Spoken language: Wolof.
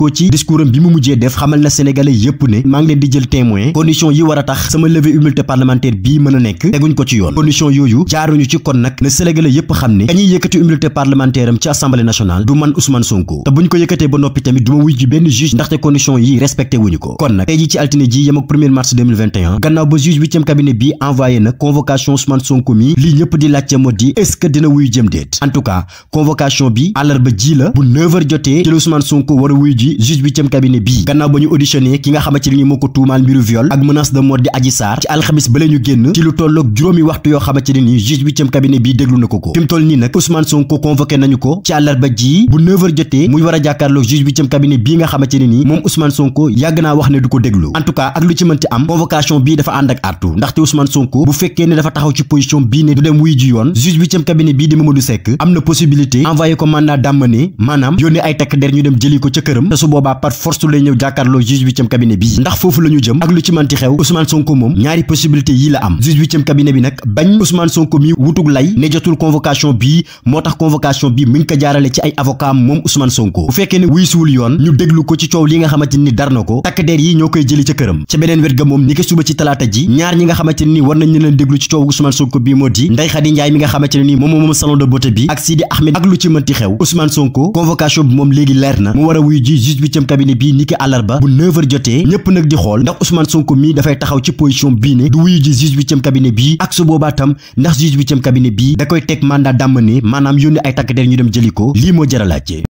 sukkandikoo ci discours bi mu mujjee def xamal na sénégalais yépp ne maa leen di jël témoin condition yi war a tax sama levée immunité parlementaire bii mën a nekk teguñ ko ci yoon condition yooyu jaaruñu ci kon nag ne sénégalais yépp xam ne kañuy yëkkati immunité parlementaire ci assemblée nationale du man Ousmane Sonko te buñ ko yëkkatee ba noppi tamit du wuy ji benn juge ndaxte condition yi respecté ko kon nag tey ji ci altine ji yem mars gannaaw ba ji juge huitième cabinet bii gannaaw ba ñu auditionné ki nga xamante ni moo ko tuumaal mbiru viol ak menace de mort di Adji Sarr ci alxamis ba la génn ci lu tolloog juróomi waxtu yoo xamante ne ni juge huitième cabinet bii déglu na ko ko fi toll nii nag Ousmane Sonko convoqué nañu ko ci àllarba ji bu 9 jotee muy war a jàkkaarloog juge huitième cabinet bii nga xamante ne ni moom Ousmane Sonko yàgg naa wax ne du ko déglu en ak lu ci mënti te su boobaa par force lay ñëw jàkkaarloo juge huitième cabinet bii ndax foofu la jëm ak lu ci manti xew Ousmane Sonko moom am juge huitième cabinet bi nag bañ Ousmane convocation bii moo tax convocation bi mi ngi ko jaarale ci moom Ousmane Sonko bu fekkee ne wuy yoon ñu déglu ko ci coow li nga xamante ni dar na ko ñoo koy jëli ca këram ca beneen wet ga moom ni ki suba ci ñaar ñi nga xamante ni war nañ leen déglu ci coow Ousmane Sonko bii moo di Ndeye Khady Ndiaye mi nga xamante ne ni moom moom salon de beauté bi ak Sidi Ahmed bi moom léegi leer na mu war a wuy ji juge cabinet bii niki àllarba bu 9h jotee ñëpp nag di xool ndax Ousmane Sonko mii dafay taxaw ci position bii ne du wuyu ji juge cabinet bii ak su boobaa tam ndax juge cabinet bii da koy teg mandat d'amener maanaam yónni ay takk ñu dem jëli ko lii moo jar a